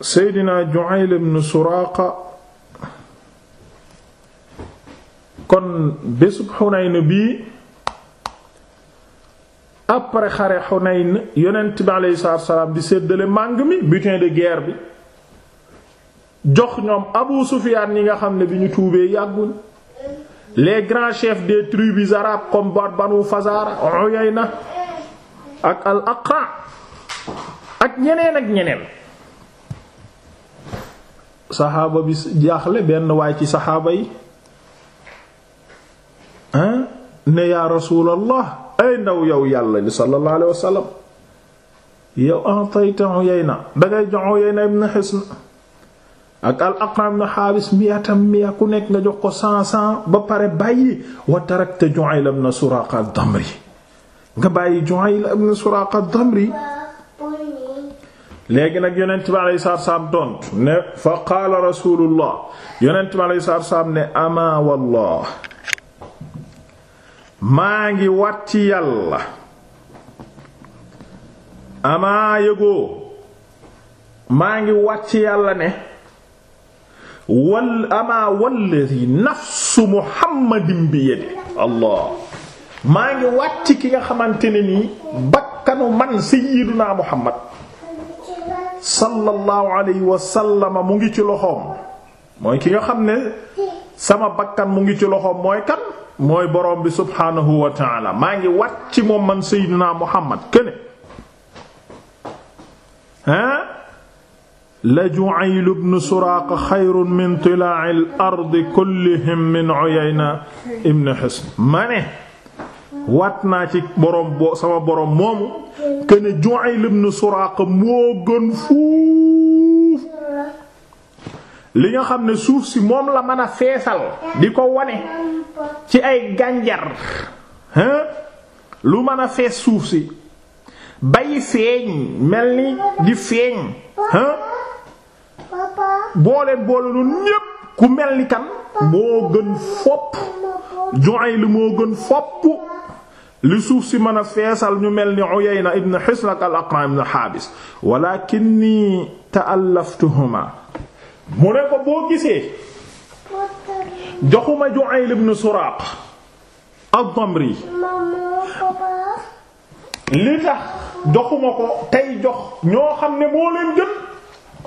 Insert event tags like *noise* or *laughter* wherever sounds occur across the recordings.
seydina Ju'ayl ibn Suraaqa kon bésub Xunayn bii après xare Xunayn yonent bi aleyhi salaatu salaam di séddale màng mi butin de guerre bi jox ñoom Abu Sufyaan yi nga xam ne bi ñu tuubee yàgguñ les grands chefs des tribus arabes comme Banu Fazaara Uyayna ak al Aqra ak ñeneen ak ñeneen saxaaba bi jaaxle benn waay ci saxaaba yi ne yaa rasuulallah ay ndaw yow yàlla li sallallahu alayhi wasallam yow atayta Uyayna dangay jox Uyayna ibn Hisn ak al Aqra ibn Haabis miyatam miya ku nekk nga jox ko cent cent ba pare bàyyi wa tarakta Ju'ayl ibn Suraaqa ad-Damri nga bàyyi Ju'ayl ibn Suraaqa ad-Damri léegi nag yonent bi alayhi salaatu salaam tontu ne fa qaala rasulullah yonent bi alayhi salaatu salaam ne ama wallah maa ngi wat ci yàlla amaa yëgoo maa ngi wat ci yàlla ne wal amaa walladi nafsu muhammadin bi yadi allah maa ngi wat ci ki nga xamante ne nii bakkanu man sayyiduna muhammad sallallahu alayhi wa sallama mu ngi ci loxoom mooy ki nga xam ne sama bakkan mu ngi ci loxoom mooy kan mooy borom bi subhaanahu wa taala maa ngi wat ci moom man seydinaa muhammad këne ah la ju'ayl ibn suraaqa xayrun min tilaa'i al-ardi kullihim min uyayna ibn hisn ma ne wat naa ci boroom bo sama borom moomu kën Ju'ayl ibn Suraaqa moo gën fuuf li nga xam ne suuf si moom la mën a feesal di ko wane ci ay gànjar lu mën a fees suuf si bay feeñ mel ni di feeñ hein boole boole lu ñépp ku mel ni kan moo gën fopp Ju'ayl moo gën fopp li suuf si mën a feesal ñu mel ni Uyayna ibn Hislak al-Aqra ibn Habis walakinni ta'allaftuhuma mu ne ko boo gisee joxuma Ju'ayl ibn Suraq ad-Damri li tax joxuma ko tey jox ñoo xam ne moo leen jël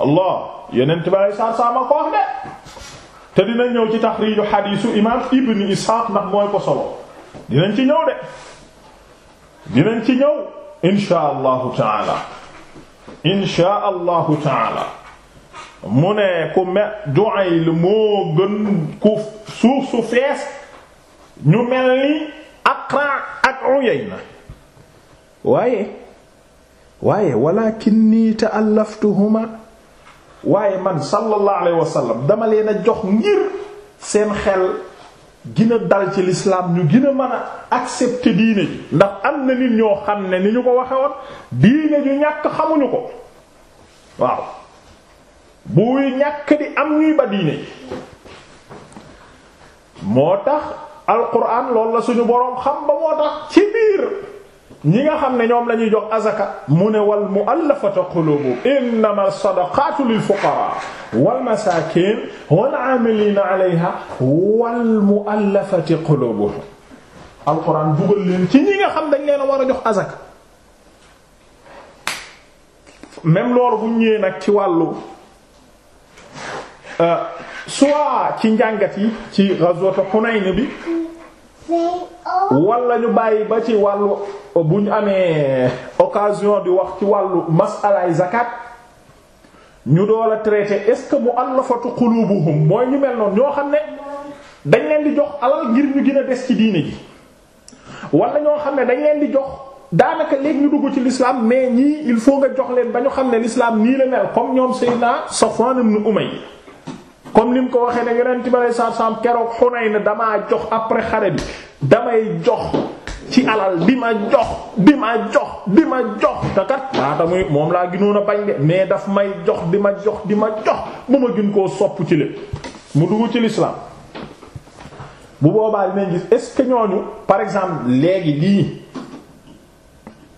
Allah yeneen tubaab yi saa saa ma ko wax de te dina ñëw ci taxriiju xadiisu imaam Ibn Isxaaq ndax mooy ko solo dinañ ci ñëw de. dinañ ci ñëw inshaa allahu taala inshaa allahu taala mu ne ku me Duayl moo gën ku suuf su fees ñu mel ni Aqra ak Uyayna waaye waaye walakinni ta'allaftuhuma waaye man sallallahu alayhi wa sallam dama leen a jox ngir seen xel gina dal ci lislaam ñu gina mën a accepter diine ji am na nit ñoo xam ne ni ñu ko waxe woon diine ju ñàkk xamuñu ko waaw buy ñàkk di am ñuy ba diine ji moo tax alquran loolu la suñu boroom xam ba moo tax ci biir ñi nga xam ne ñoom lañuy jox azaka mu ne wal mu'allafati qulubu innama sadaqatu lil fuqara wal masakin wal amilina alayha wal mu'allafati qulubuhum alquran dugal leen ci ñi nga xam dañ leen a war a jox azaka même loolu bu ñëwee nag ci wàllu euh, soit ci njàngat yi ci ghazwat Hunayn bi wala ñu bàyyi ba ci wàllu bu ñu amee occasion di wax ci wàllu masalaay zakat ñu dool a traité est-ce que mu'allafatu qulubuhum mooy ñu mel noonu ñoo xam ne dañ leen di jox alal ngir ñu gën a des ci diine ji wala ñoo xam ne dañ leen di jox daanaka léegi ñu dugg ci l'islam mais ñii il faut nga jox leen ba ñu xam ne l'islam nii la mel comme ñoom Seydina Safwan ibn Umayya comme li mu ko waxee ne Yonent bi alayhi salaatu salaam keroog Hunayn damaa jox après xare bi damay jox ci alal bi ma jox di ma jox bi ma jox te muy moom laa gënoon a bañ de mais daf may jox di ma jox di ma jox ba ma gën koo sopp ci lépp mu dugg ci l'islam bu boobaa dinañ gis est-ce que ñooñu par exemple léegi lii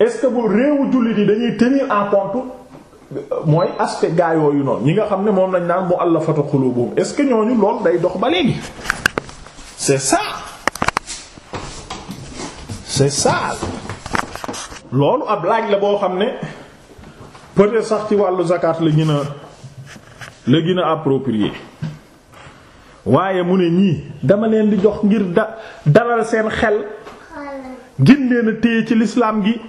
est bu réewu jullit yi dañuy tenir en compte euh, mooy aspect gaa yooyu noonu ñi nga xam ne moom lañ naan mu allafatu xulubuum est-ce que ñooñu lool day dox ba léegi c'est ça c'est ça loolu ab laaj la boo xam ne peut sax ci wàllu zakat la gën a la gën a waaye mu ne ñii dama leen di jox ngir da dalal seen xel gin leen téye ci lislaam gi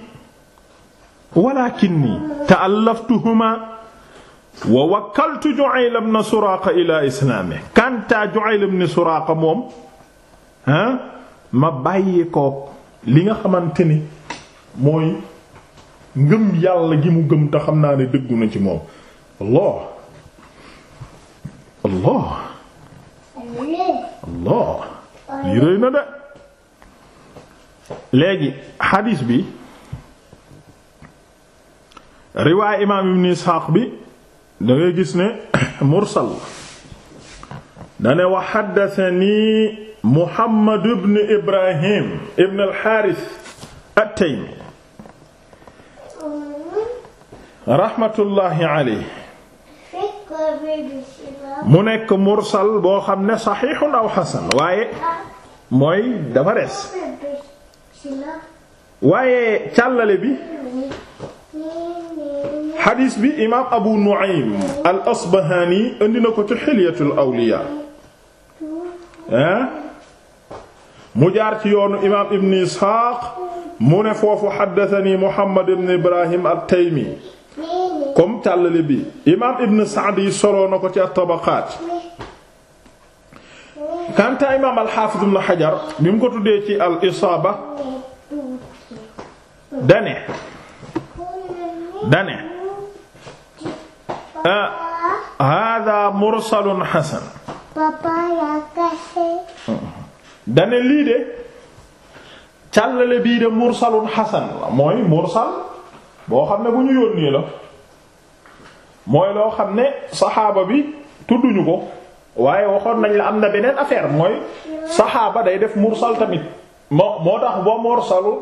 walakinni ta'allaftuhuma wa wakkaltu Ju'ayl ibn Suraaqa ila islaami kanta Ju'ayl ibn Suraaqa moom ah ma bàyyi ko li nga xamante ni mooy ngëm yàlla gi mu gëm te xam naa ne dëggu na ci moom Allah Allah léegi xadiis bi riwaay imaam ibn isxaaq bi da ngay gis ne *coughs* mursal dane wa xaddatani muhammad ibn ibrahim ibn alxaaris at-taymi raxmatullaahi alayhi mu nekk mursal boo xam ne saxiixun aw xasan waaye mooy dafa des waaye càllale bi xadiis bi imaam abu nu'aym al asbahaani indi na ko ci xilyatul awliyaa ah mu jaar ci yoonu imaam ibn isxaaq mu ne foofu xaddatani muhammad ibn ibrahim at-taymi comme càllale bi imaam ibn Sa'd yi soloo na ko ci at-Tabaqaat imaam al bi mu ko tuddee ci al-Isaaba dane dane ah, hada mursalun hasan dane lii de càllale bii de mursalun hasan mooy mursal boo xam ne bu ñu yónnee la mooy loo xam ne saxaaba bi tudduñu ko waaye waxoon nañ la am na beneen affaire mooy saxaaba day def mursal tamit moo moo tax boo mursalu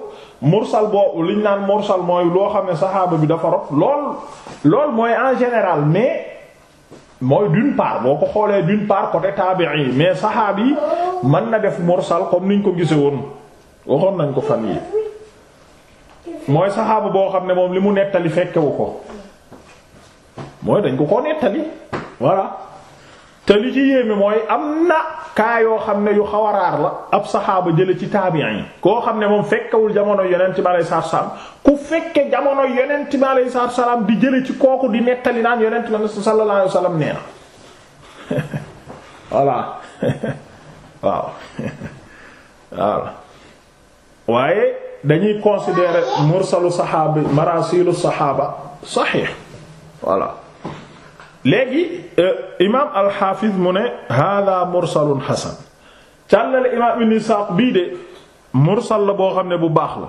mursal boo liñ naan mursal mooy loo xam ne saxaaba bi dafa lool lool mooy en général mais mooy d'une part boo ko xoolee d'une part côté mais saxaab yi mën na def mursal comme niñ ko gise woon waxoon nañ ko fan yi mooy saxaaba boo xam ne moom li mu nettali fekkewu ko mooy dañ ko ko nettali voilà te li ci yéeme mooy am na kaa yoo xam ne yu xaw a raar la ab saxaaba jële ci taabiin yi koo xam ne moom fekkewul jamono yonent bi alayhi salaatu salaam ku fekke jamono yonent bi alayhi salaatu salaam di jële ci kooku di nettali naan yonent bi sallallahu alayhi wasallam nee na *laughs* voilà *laughs* *laughs* waaw waaye dañuy considérer mursalu saxaabi marasilu saxaaba saxiix voilà léegi euh, imaam alxaafiz mu ne hada mursalun xasan càllale imaam ibn Isaaq bii de mursal la boo xam ne bu baax la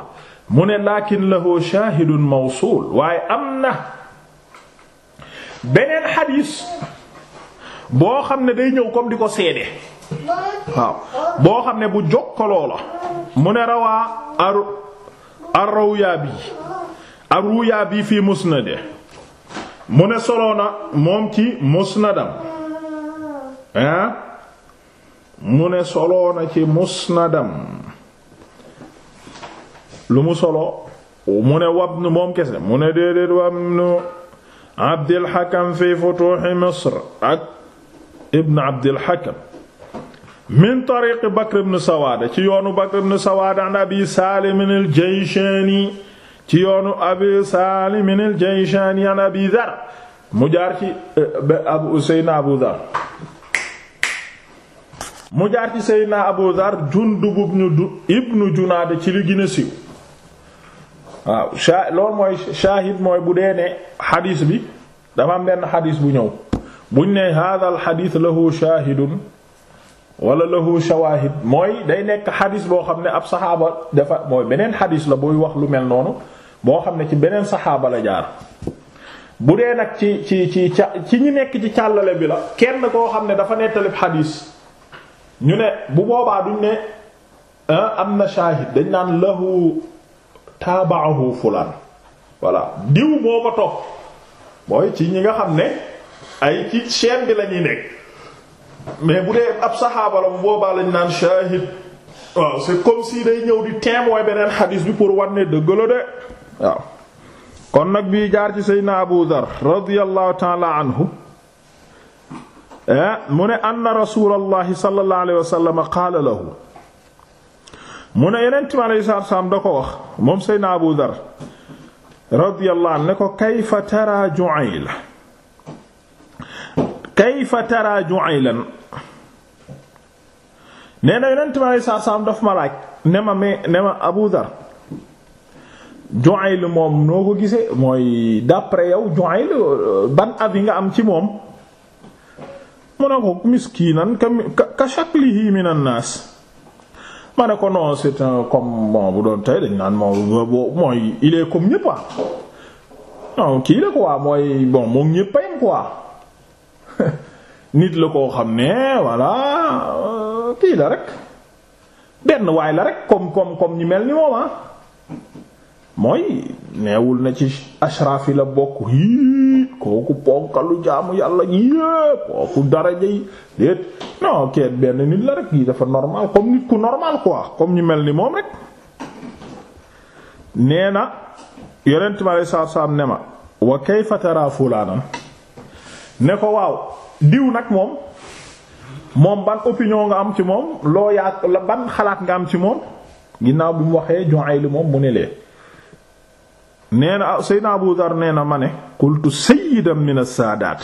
mu ne lakin lahu shaahidun mawsuul waaye am na beneen xadiis boo xam ne day ñëw comme di ko seede waaw boo xam ne bu jokkaloo la mu ne rawaa ar ar rawyaa bi ar rawyaa bi fi mu ne na moom ci musnadam ah mu ne soloona ci musnadam lu mu solo mu ne wab wabnu moom kese mu ne déedéet wabnu Abdul Hakam fi futuuhi Misr ak ibn Abdul Hakam min tariiqi Bakr ibn Sawaada ci yoonu Bakr ibn Sawaada an Abi Saalim al ci yoonu abi Saalim al-Jayshaani an mu jaar ci eh, abu Seydina Abu Dhar mu jaar ci Seydina Abu Dhar Jundub ibnu Junaada ci li gën a siiw waaw mooy shaahid mooy bu dee ne xadiis bi dama am benn xadiis bu ñëw buñ ne hada al xadiis lahu shaahidun wala lahu shawaahid mooy day nekk xadiis boo xam ne ab saxaaba dafa mooy beneen xadiis la buy wax lu mel noonu boo xam ne ci beneen saxaabala la jaar bu dee nag ci ci ci ca ci ñi nekk ci càllale bi la kenn koo xam ne dafa nettalib xadiis ñu ne bu boobaa duñ ne ah, am na shaahid dañ naan lahu taabaahu fulaan voilà diw moo ko mooy ci ñi nga xam ne ay ci chaîne bi la ñuy nekk mais bu dee ab saxaaba la bu boobaa lañ naan shaahid waaw c'est comme si day ñëw di témoin beneen xadiis bi pour war ne dëgg la de waaw kon nag bi jaar ci seydna abu dhar radiyallahu taala anhu eh, mu ne anna rasulallahi sallallahu alayhi wasallam qaala lahu mu ne yeneen mi aleyhi salaam da ko wax moom seydna abu dhar radiyallahu anhu ne ko kayfa ju'ayla kayfa tara ju'aylan nee na yeneen salaam daf ma laaj me ne abu dhar join Ju'ayl moom noo ko gisee mooy d'après yow Ju'ayl euh, ban avis nga am ci moom mu ne ko miskinan ka shaklihi minan naas ma ko non c'est comme bon bu doon tey dañ naan moom euh, mooy il comme ñëpp ah non kii la quoi mooy bon moom ñëpp a yem quoi *laughs* nit la koo xam ne voilà euh, kii la rek benn waay la rek comme comme comme mel ni moom ah mooy neewul na ci ashraf yi la bokk hii kooku ponkalu jaamu yàlla yépp kooku daraja yi déet non keet benn nit la rek yi dafa normal comme nit ku normal quoi comme ñu mel ni moom rek nee na yonent ma lay saar saam ne ma wa kayfa tara fulaanan ne ko waaw diw nag moom moom ban opinion nga am ci moom loo yaa la ban xalaat nga am ci moom ginnaaw bi mu waxee Juhayl moom mu ne lee neena na Seydina Abu Dar nee na ma ne qultu sayyidan min as-saadaat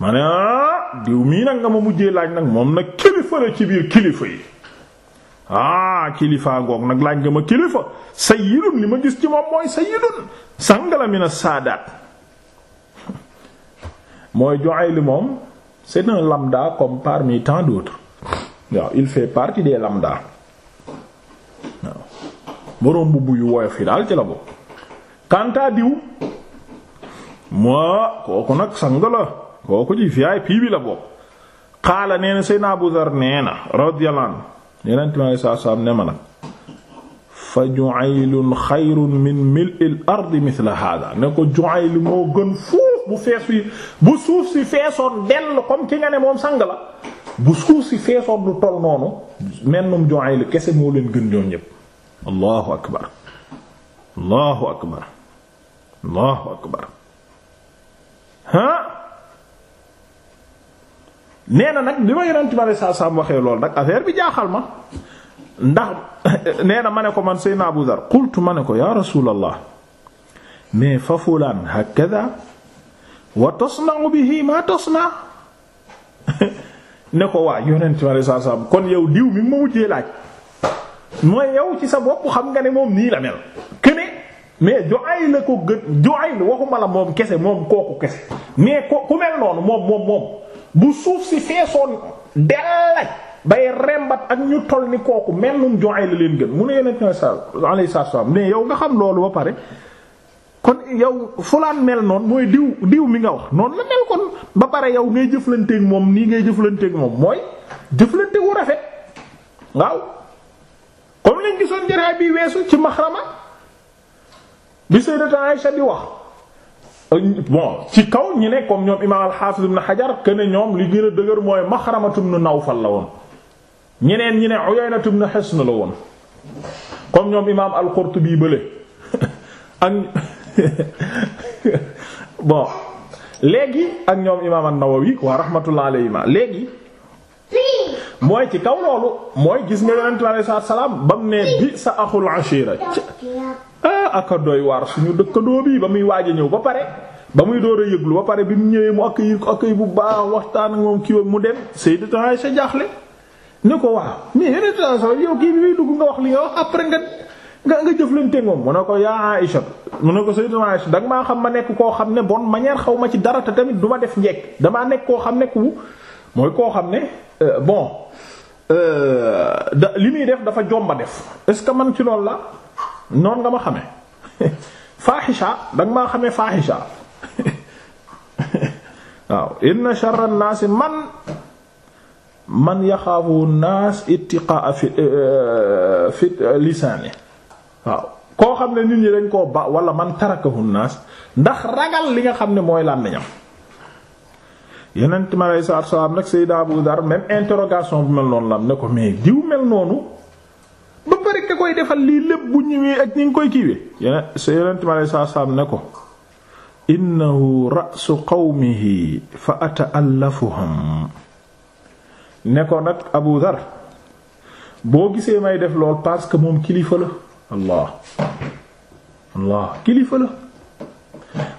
ma ne ah, diw mii nag nga ma mujjee laaj nag moom nag kilifa la ci biir kilifa yi ah kilifaa ngoog nag laaj nga ma kilifa sayyidun li ma gis ci moom mooy sayyidun sangala *laughs* mooy Ju'ayl moom c'est un lambda comme parmi tant d'autres waaw il fait partie des lambda waaw boroom bu buy woyof yi daal ci la bokk kanta diw moo kooku nag sang la kooku ci VIP bi la bokk xaala nee na Seydina Abu Dhar nee na radiyallahu anhu yenent mi alei saatu salaam ne ma nag fa Ju'aylun xayrun min mil'il ardi mithla hada ne ko Ju'ayl moo gën fuuf bu fees yi bu suuf feesoon dell comme ki nga ne moom sang bu suuf feesoon lu tol noonu men moom Ju'ayl kese moo leen gën ñoom ñépp allahu akbar allahu akbar allahu akbar nee na nag bi ma yonent ma ne saa saa waxee lool nag affaire bi jaaxal ma ndax *laughs* nee na ma ne ko man Seydina Abu Dhar qultu ma ne ko yaa rasuulallah mais fa fulaan hakada wa tasna'u bihi ma tasna *laughs* ne ko waa yonent ma ne saa saa kon yow diw mi ma wujjee laaj mooy yow ci sa bopp xam nga ne moom nii la mel këne mais Juhayl la ko gën Juhayl waxuma la moom kese moom kooku kese mais ko ku mel noonu moom moom moom bu suuf si feesoon dellaj bay rembat ak ñu toll ni kooku mel num Juhayl la leen gën mu ne yonent alayhi salaam mais yow nga xam loolu ba pare kon yow fulaan mel noon mooy diw diw mi nga wax noonu la mel kon ba pare yow ngay jëflanteeg moom nii ngay jëflanteeg moom mooy jëflante wu rafet waaw comme lañ gisoon jaraay bi weesu ci maxrama bi sayyidatu Aïsha di wax bon ci kaw ñi ne comme ñoom imaam al-Hafiz ibn Hajar que ñoom li gën a dëgër mooy Maxramatu ibn Nawfal la woon ñeneen ñi ne Uyaynatu ibn Hisn la woon comme ñoom imaam al-Qurtubi bële *laughs* ak *laughs* bon léegi ak ñoom imaam an-Nawawi wa rahmatullah alayhima léegi mooy ci kaw loolu mooy gis nga Yonent bi alayhi sa axul ashira ah aka doy waar suñu dëkkandoo bii ba muy waaj a ñëw ba pare ba muy door a yëglu ba pare bi mu ñëwee mu accueillir ko accueil bu baax waxtaan ak moom kii mu dem Sayyidatu Aisha jaaxle ne ko waaw mais yeneen transport yow kii bi muy nga wax li nga wax après nga nga nga jëflante moom mu ne ko yaa Aisha mu ne ko Sayyidatu Aisha danga maa xam ma nekk koo xam ne bonne manière xaw ma ci dara te tamit du ma def njekk damaa nekk koo xam ne ku mooy koo xam ne euh, bon euh, da li muy def dafa jomba def est-ce que man ci loolu la. noonu nga ma xamee faaxisha danga maa xamee faaxisha waaw inna sharra an-naasi man man yaxaafu naas ittiqaa fi eh, fi lisaani waaw koo xam ne nit ñi dañ koo ba wala man tarakahu naas ndax ragal li nga xam ne mooy làmmiñam yeneen time alay salaam nag Seydina Abu Dar même interrogation bu mel noonu la ne ko mais diw mel noonu ba pare ka koy defal lii lépp bu ñëwee ak ñi koy kiiwee yeneen sa yeneen time saa saam ne ko innahu ra'su qawmihi fa ata'allafuhum nag Abu Dhar boo gisee may def parce que moom kilifa la allah allah kilifa la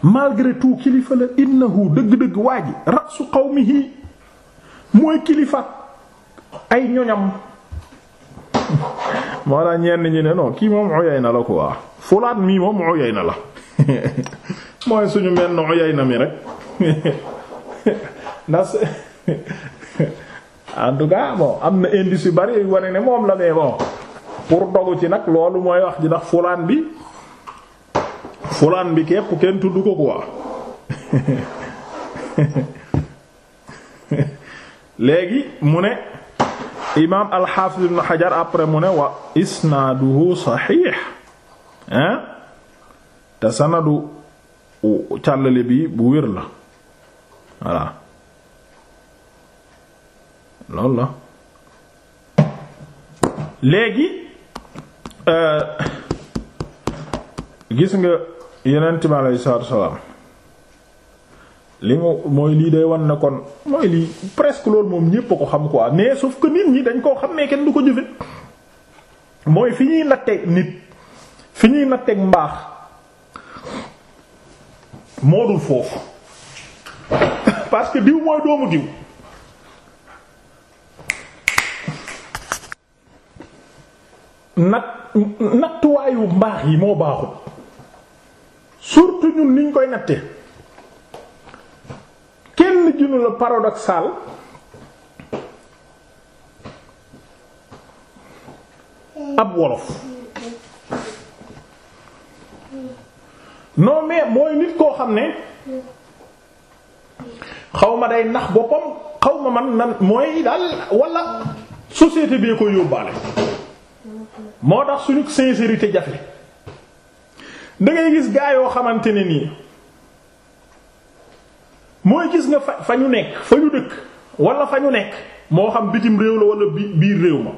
malgré kilifa la innahu dëgg-dëgg waa ji ra'su mooy kilifa ay ñoñam *laughs* moo tax ñenn ñi ne non kii moom Uyayna la quoi fulaat mii moom Uyayna la *laughs* mooy suñu mel na Uyayna mi rek *laughs* ndax en tout cas bon am na indice yu bari yu wane ne moom la mais bon pour dogu ci nag loolu mooy wax ji ndax fulaan bi fulaan bi képp kenn tudd ko quoi léegi mu ne. imaam al-Hafiz ibn après mu ne wa isnaaduhu saxiix hein te sanadu càllale bi bu wér la voilà loolu la léegi euh, gis nga yeneen time alay salaam li mu mooy lii de wan ne kon mooy lii presque loolu moom ñépp a ko xam quoi mais sauf que nit ñi dañ koo xam ne kenn du ko jëfe mooy fi ñuy natteeg nit fi ñuy natteeg mbaax moo dul foofu *coughs* parce que diw mooy doomu diw nat nattuwaayu mbaax yi moo baaxul surtout ñun niñ koy natte gënu la paradoxal ab wolof non mais mooy nit koo xam ne xaw ma day nax boppam xaw ma man nan mooy daal wala société bee ko yóbbaale moo tax suñu sincérité jafe da gis gaa xamante ne nii mooy gis nga fa fa ñu nekk fa ñu dëkk wala fa ñu nekk moo xam bitim réew la wala biir réew ma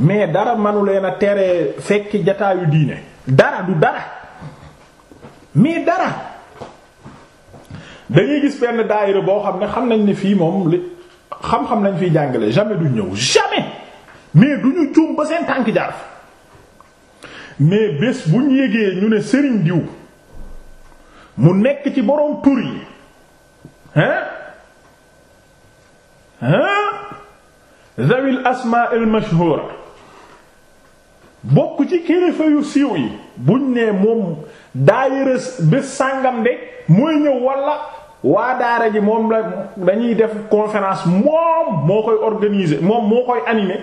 mais dara manu leen a teree fekki jataayu diine dara du dara mais dara dañuy gis benn daayira boo xam ne xam nañ ne fii moom li xam-xam lañ fiy jàngale jamais du ñëw jamais mais du ñu juum ba seen tànk jaar mais bés bu ñu yégee ñu ne sëriñ diw mu nekk ci boroom tur yi hein hein zawil asmaa al mashhura bokk ci kilifa yu siiw yi buñ ne moom daayira bés sàngam de mooy ñëw walla waa daara ji moom la dañuy def conférence moom moo koy organiser moom moo koy animer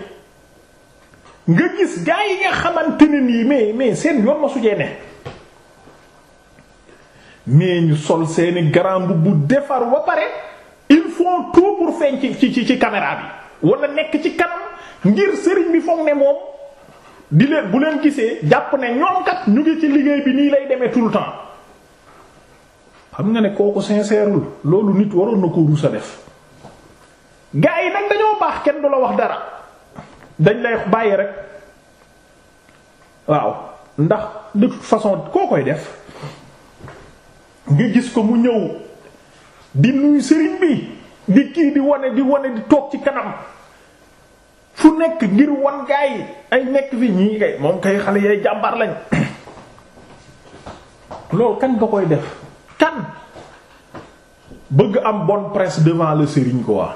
nga gis gaa yi nga xamante ne nii mais mais seen yoon ma sujee ne mais ñu sol seeni grand bu defar wa pare ils font tout pour feeñ ci ci ci caméra bi wala nekk ci kanam ngir sëriñ bi foog ne moom di leen bu leen gisee jàpp ne ñoom kat ñu ngi ci liggéey bi nii lay demee tout le temps xam nga ne kooku sincèreul loolu nit waroon na ko a def gaa yi nag dañoo baax kenn du la wax dara dañ lay bàyyi rek waaw ndax de toute façon koo koy def. nga gis ko mu ñëw di nuyu sëriñ bi di kii di wane di wane di toog ci kanam fu nekk ngir wan gaa yi ay nekk fi ñii kay moom kay xale yay jàmbar lañ *coughs* loolu kan nga koy def kan bëgg am bon presse devant le sëriñ quoi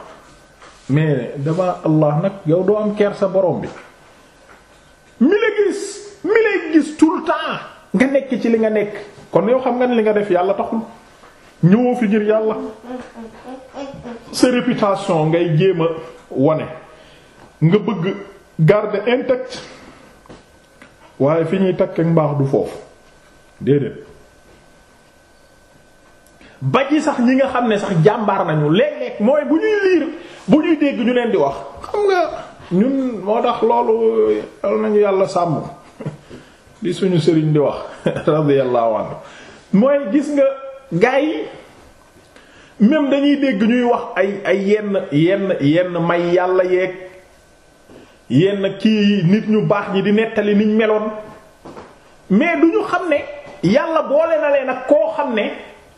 mais devant Allah nag yow doo am sa borom bi mi la gis mi lay gis tout le temps nga nekk ci li nga nekk kon yow xam nga ne li nga def yàlla taxul ñëwoo fi ngir yàlla sa réputation ngay jéem a wane nga bëgg garder intact waaye fi ñuy takk ak mbaax du foofu déedéet ba ci sax ñi nga xam ne sax jàmbaar nañu léeg-léeg mooy bu ñuy liir bu ñuy dégg ñu leen di wax xam nga ñun moo tax loolu yal nañu yàlla sàmm di suñu sëriñ di wax *laughs* radiyallahu anhu mooy gis nga gaa yi même dañuy dégg ñuy wax ay ay yenn yenn yenn may yàlla yeeg yenn kii nit ñu baax ñi di nettali niñ meloon mais du ñu xam ne yàlla boole na leen ak koo xam ne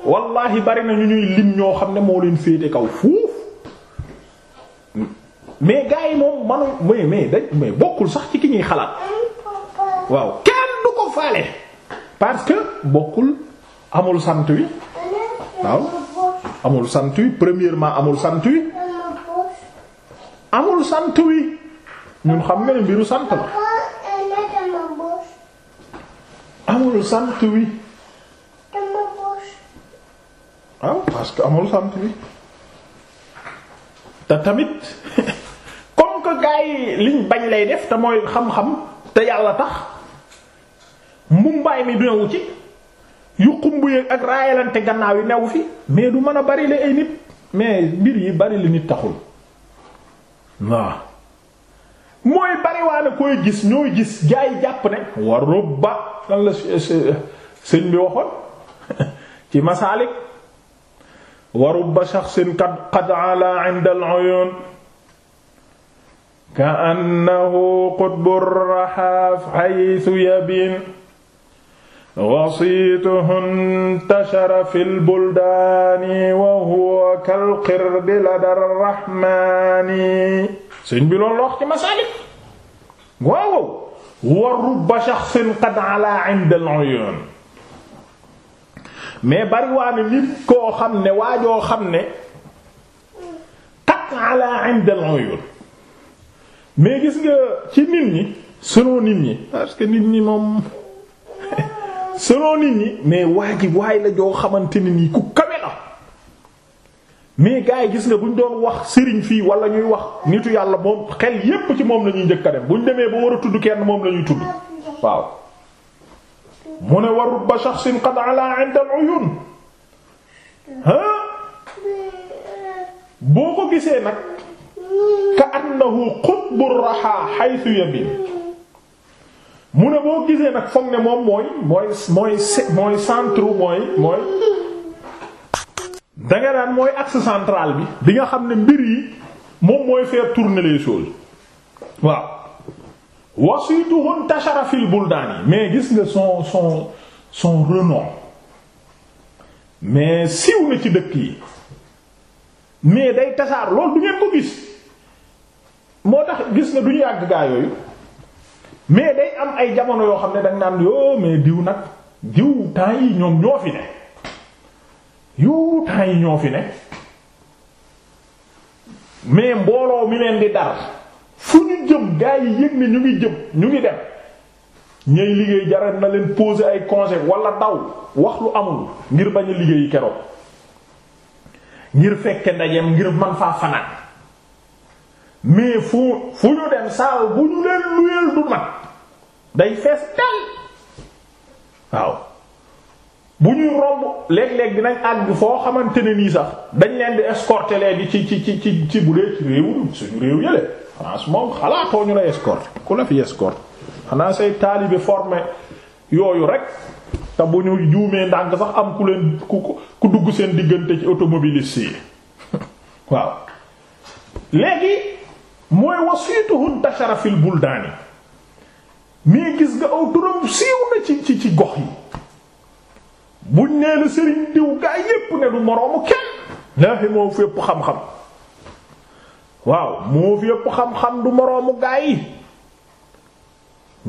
wallahi bari na ñu ñuy lim ñoo xam ne moo leen féete kaw fuuf mais gaa yi moom manu mais mais dañ mais bokkul sax ci ki ñuy xalaat waaw ko faale parce que bokkul amul sant wi waaw amul sant wi premièrement amul sant wi amul sant wi ñun xam nga ne mbiru sant la amul sant wi parce que amul sant wi te tamit *laughs* comme que gaa liñ bañ lay def te mooy xam-xam te yàlla tax mbumbaay mi newu ci yu xumb yeeg ak raayalante gannaaw yi newu fi mais du mën a bari la ay nit mais mbir yi bari la nit taxul waaw mooy bariwaane koy gis ñooy gis gaa yi jàpp ne war rubba lan la sëñ bi waxoon *laughs* ci masaalik wa rubba shaxsin qad qad ala inda al-uyun ka annahu qutbu raxaaf haythu yabin wasiituhu ntashara fil buldaani wa huwa kal qirdi ladar rahmaani. sëñ bi loolu wax ci masaalik waaw wa rubba shaxsin qad ala inda al uyuun mais bariwaane nit koo xam ne waajoo xam ne qad ala inda al uyuun mais gis nga ci nit ñi sunu nit ñi parce que nit ñi moom. selon nit ñi mais waa ji waay la joo xamante ne nii ku kawe la mais gars yi gis nga buñ doon wax sëriñ fii wala ñuy wax nitu yàlla moom xel yépp ci moom la ñuy njëkk a dem demee ba war a tudd kenn moom la ñuy tudd waaw. mu ne wa rubba shakhsin qad ala 'inda al-'uyun boo ko gisee nag ka annahu qutbu ar-raha haythu mu ne boo gisee nag foog ne moom mooy mooy mooy mooy centre mooy mooy danga daan mooy axe central bi bi nga xam ne mbir yi moom mooy faire tourner les choses waaw wasituhun tashara fil buldaani mais gis nga son son son renom mais siiw na ci dëkk yi mais day tasaar loolu du ngeen ko gis moo tax gis nga duñu yàgg gaa yooyu mais day am ay jamono yoo xam ne dañ naan yoo mais diw nag diw temps yi ñoom ñoo fi ne yu temps yi ñoo fi ne mais mbooloo mi leen di dar fu ñu jëm gaa yi yëg ne ñu ngi jëm ñu ngi dem ñay liggéey jaral na leen poser ay congé wala daw wax lu amul ngir bañ a liggéeyi keroog ngir fekke ndajeem ngir man faa fanaan mais fu fu ñu dem saal bu ñu leen luyeel du mat day fees dal waaw bu ñuy romb léeg-léeg dinañ àgg foo xamante ne nii sax dañ leen di escorter léegi ci ci ci ci ci bu dee ci réew suñu réew yële France moom xalaatoo ñu la escorte ku la fi escorte xanaa say taalibe formé yooyu rek te bu ñu juumee ndànk sax am ku leen ku ku dugg seen diggante ci automobiliste yi *laughs* waaw léegi mooy wasiyatuhu intashara fil buldaani mii gis nga aw turam siiw na ci ci gox yi buñ nee la sëriñ diw gaa yépp ne du moroomu kenn laaxi moo fi ëpp xam-xam waaw moo fi ëpp xam-xam du moroomu gaa yi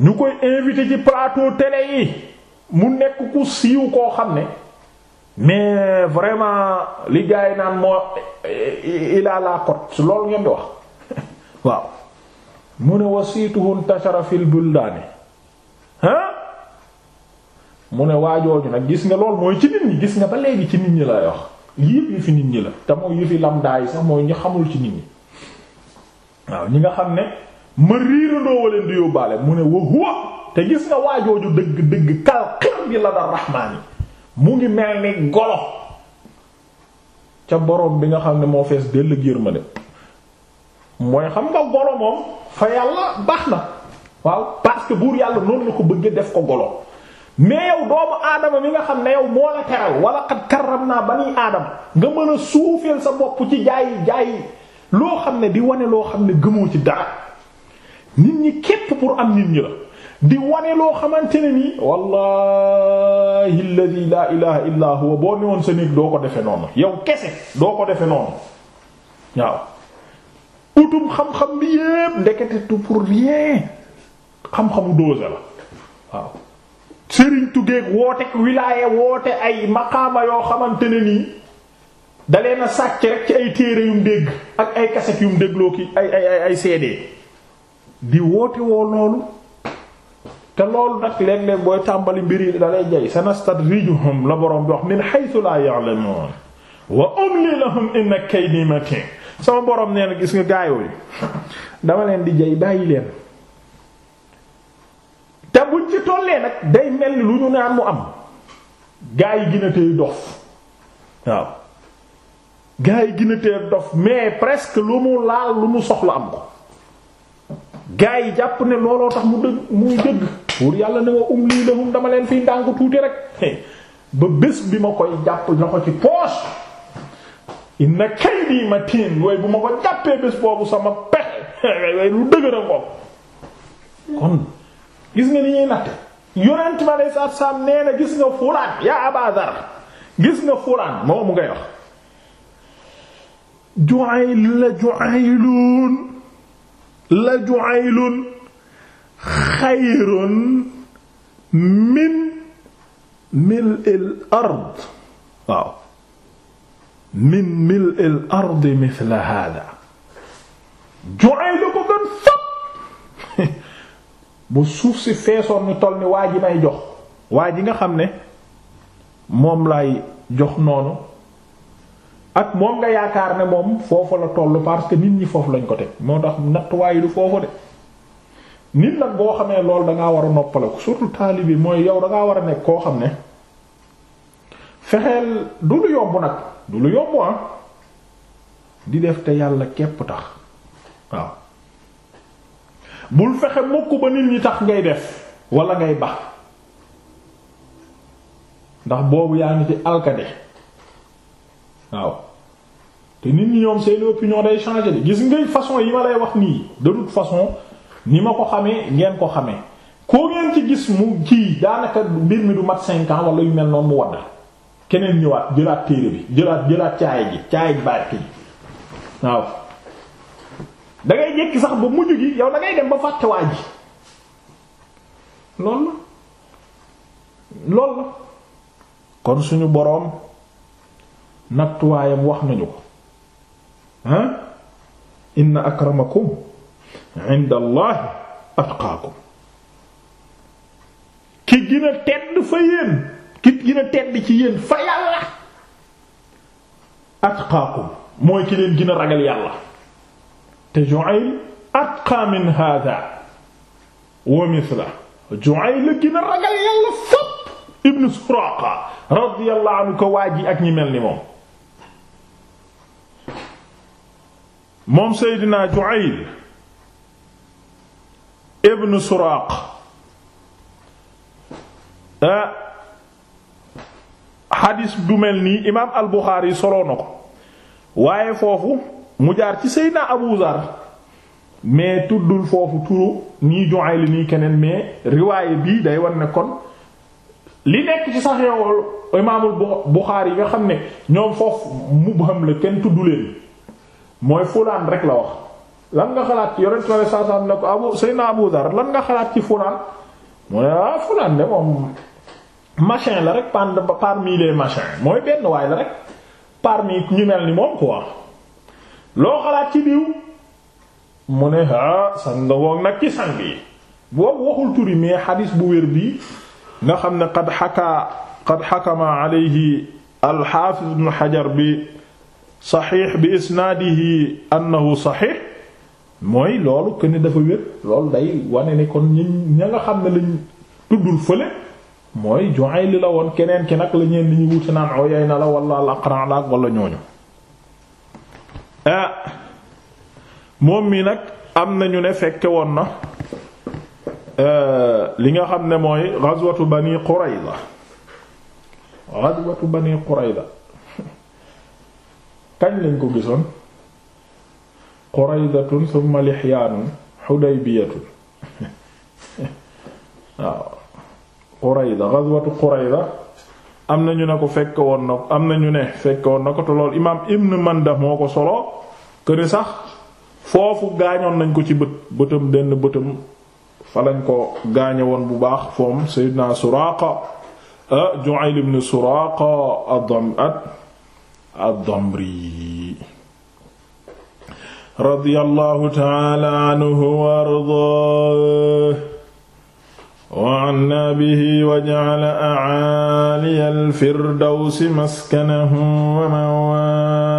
ñu koy invité ci plateau télé yi mu nekk ku siiw koo xam ne mais vraiment li gaa yi naan moo ilaa la cote loolu ngeen di wax mu ne wasiituhu intashara fil buldaani ah mu ne waajooju nag gis nga lool mooy ci nit ñi gis nga ba léegi ci nit ñi lay wax yépp yu fi nit ñi la te mooy yu fi lamdaa yi sax mooy ñu xamul ci nit ñi waaw ñi nga xam ne ma riirandoo waleen di yóbbaale mu ne wa te gis nga waajooju dëgg dëgg kal xir bi la da raxmaan yi mu ngi mel ni golo ca borom bi nga xam ne moo fees dell ak yërmande mooy xam nga golo moom fa yàlla baax na waaw parce que buur yàlla noonu la ko bëggee def ko golo mais yow doomu aadama mi nga xam ne yow moo la teral wala xat karram naa ba nuy aadama nga mën a suufeel sa bopp ci jaay jaay loo xam ne di wane loo xam ne gëmoo ci dara nit ñi képp pour am nit di wane loo xamante ne nii wallahi alladhi la ilaha illa huwa boo newoon sa néeg doo ko defe noonu yow kese doo ko defe noonu waaw utum xam-xam bi yépp ndeketetu pour rien xam-xamu dose la waaw sëriñ tugeeg woote wilaaye woote ay maqaama yoo xamante ne nii dalee na sàcc rek ci ay téere yum dégg ak ay kaset yum dégloo ki ay ay ay di woote woo loolu te loolu nag léeg-léeg booy tàmbali mbir yi dalay jay sanastadrijuhum la borom bi wax min haythu la ya'lamun wa umli lahum inna kaydi matin sama boroom nee na gis nga gaayooyu dama leen di jay bàyyi leen te buñ ci tollee nag day mel ni lu ñu naan mu am gaa yi gën a dof waaw gaa yi gën a dof mais presque lu mu laal lu mu soxla am ko gaa yi jàpp ne looloo tax mu dëgg muy dëgg pour yàlla ne wa um lii lahum dama leen fiy ndànk tuuti rek ba bés bi ma koy jàpp na ko ci poos inna kaydi matin way bu ma ko jàppee bés boobu sama pexe *laughs* way lu dëgër a ngoog gis nga ni ñuy natte yonent bi aleyhi salaatu salaam na gis nga fulaan yaa Abaa gis nga fulaan moo mu ngay wax Ju'ayl la Ju'aylun la Ju'aylun xayrun min mil'il ard min mil'il ardi mithla hada joxe la ko gën fop *laughs* bu suuf si feesoon ni toll ni waa ji may jox waa ji nga xam ne moom lay jox noonu ak moom nga yaakaar ne moom foofu la toll parce que nit ñi foofu lañ ko teg moo tax nattuwaay du foofu de nit nag boo xamee loolu dangaa war a noppale ko surtout taalibe mooy yow dangaa war a nekk koo xam ne fexeel du lu yomb nag du lu yomb ah di def te yàlla képp tax waaw bul fexe mukk ba nit ñi tax ngay def walla ngay bax ndax boobu yaa ngi ci alkade waaw te nit ñi ñoom seen opinion day changer de gis ngay façon yi ma lay wax nii de toute façon ni ma ko xamee ngeen ko xamee koo ngeen ci gis mu kii daanaka mbir mi du mat cinq ans wala yu mel noonu mu wadd keneen ñëwaat jëlaat téere bi jëlaat jëlaat caay ji caay barke ji waaw da ngay sax ba mujj gi yow da dem ba fàtte waa la loolu la kon suñu boroom nattuwaayam wax nañu ko ah inna akramakum inda allahi atqaakum ki gën a tedd fa ki gën a tedd ci yéen fa yàlla atqaakum mooy ki leen gën a ragal yàlla te Ju'ayl atqa min hada wa mithla Ju'ayl la gën a ragal yàlla fopp ibnu Suraqa radiyallahu anhu ko waa ji ak ñi mel ni moom moom Seydina Ju'ayl ibnu Suraqa ah, xadis du mel nii imaam al-Bukhari soloo na ko waaye foofu mu jaar ci Seydina Abu mais tuddul foofu turu nii Ju'ayl nii keneen mais riwaaye bii day wan ne kon li nekk ci sax yow imaamul Bukhari yi nga xam ne ñoom foofu mubham la kenn tudd leen mooy fulaan rek la wax lan nga xalaat yonent sallallahu alayhi wasallam ne ko Abu Seydina Abu lan nga xalaat ci fulaan mu ah, fulaan de moom. machin la rek parmi les machins mooy benn waay la rek parmi ñu mel ni moom quoi loo xalaat ci diw mu ne ah sang woog nag ci sang yi boobu waxul turi mais xadis bu wér bii nga xam ne qad xakaa bi saxiix bi isnaadihi mooy loolu que ne dafa wér loolu day wane ne kon ñi ña nga xam ne lañ tuddul fële mooy Juhayl la woon keneen ki nag la li ñu wuti naan Uyayna la wala al-Aqra' la wala ñooñu ah, moom mii nag am na ñu ne fekke woon na eh, li nga xam ne mooy ghazwatu Bani Qurayza ghazwatu Bani Qurayza *laughs* kañ lañ ko gisoon Qurayzatun thumma Lihyaanun Hudaybiyatun *laughs* waaw Qurayza ghazwatu Qurayza am na ñu ne ko fekk woon na am na ñu ne fekk woon na ko te lool imaam Ibn Manda moo ko solo këni sax foofu gaañoon nañ ko ci bët bëtam benn bëtam fa lañ ko gaañe woon bu baax foom Seydina Suraaqa ah, Ju'ayl ibn Suraaqa ad-Damri radiyallahu ta'ala anhu wa wa anna bihi wa ja'ala a'aliya al-firdawsi maskanahu wa ma'waahu